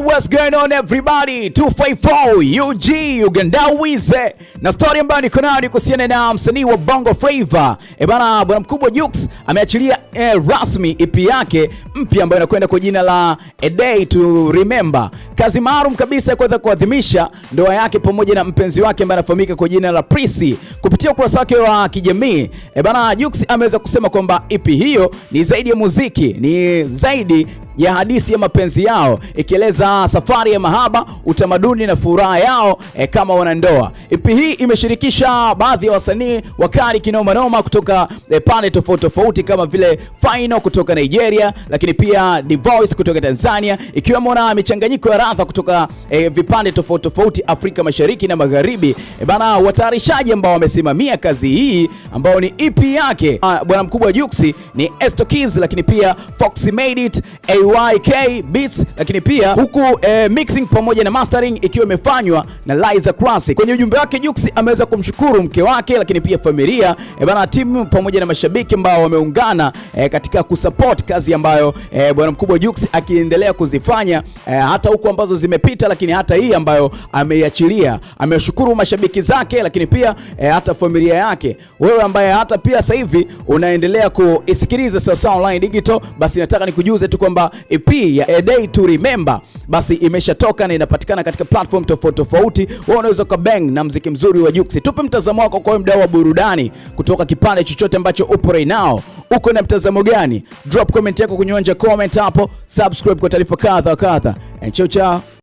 what's going on everybody? 254 UG Uganda Wize na story ambayo niko nayo ni kuhusiana na msanii wa Bongo Flava. Eh, bana bwana mkubwa Jux ameachilia eh, rasmi EP yake mpya ambayo inakwenda kwa jina la A Day to Remember. Kazi maalum kabisa ya kuweza kuadhimisha ndoa yake pamoja na mpenzi wake ambaye anafahamika kwa jina la Prisi Kupitia ukurasa wake wa kijamii, eh, bana Jux ameweza kusema kwamba EP hiyo ni zaidi ya muziki, ni zaidi ya hadithi ya mapenzi yao ikieleza safari ya mahaba, utamaduni na furaha yao e, kama wanandoa. EP hii imeshirikisha baadhi ya wasanii wakali kinoma noma kutoka e, pande tofauti tofauti kama vile Final kutoka Nigeria, lakini pia Voice kutoka Tanzania, ikiwemo na michanganyiko ya radha kutoka e, vipande tofauti tofauti Afrika Mashariki na Magharibi. E, bana watayarishaji ambao wamesimamia kazi hii ambao ni EP yake ah, bwana mkubwa Juksi ni Estokiz, lakini pia Fox Made It A KYK Beats, lakini pia huku eh, mixing pamoja na mastering ikiwa imefanywa na Liza Classic. Kwenye ujumbe wake Jux ameweza kumshukuru mke wake, lakini pia familia eh, bana timu pamoja na mashabiki ambao wameungana eh, katika kusupport kazi ambayo eh, bwana mkubwa Jux akiendelea kuzifanya eh, hata huku ambazo zimepita, lakini hata hii ambayo ameiachilia. Ameshukuru mashabiki zake, lakini pia eh, hata familia yake. Wewe ambaye hata pia sasa hivi unaendelea kuisikiliza Sawasawa Online Digital, basi nataka nikujuze tu kwamba EP ya A Day to Remember basi imeshatoka na inapatikana katika platform tofauti tofauti. Wewe unaweza ukabang bang na mziki mzuri wa Jux. Tupe mtazamo wako kwa mdau wa burudani kutoka kipande chochote ambacho upo right now. Uko na mtazamo gani? Drop comment yako kwenye uwanja comment hapo, subscribe kwa taarifa kadha kadha. Chao chao.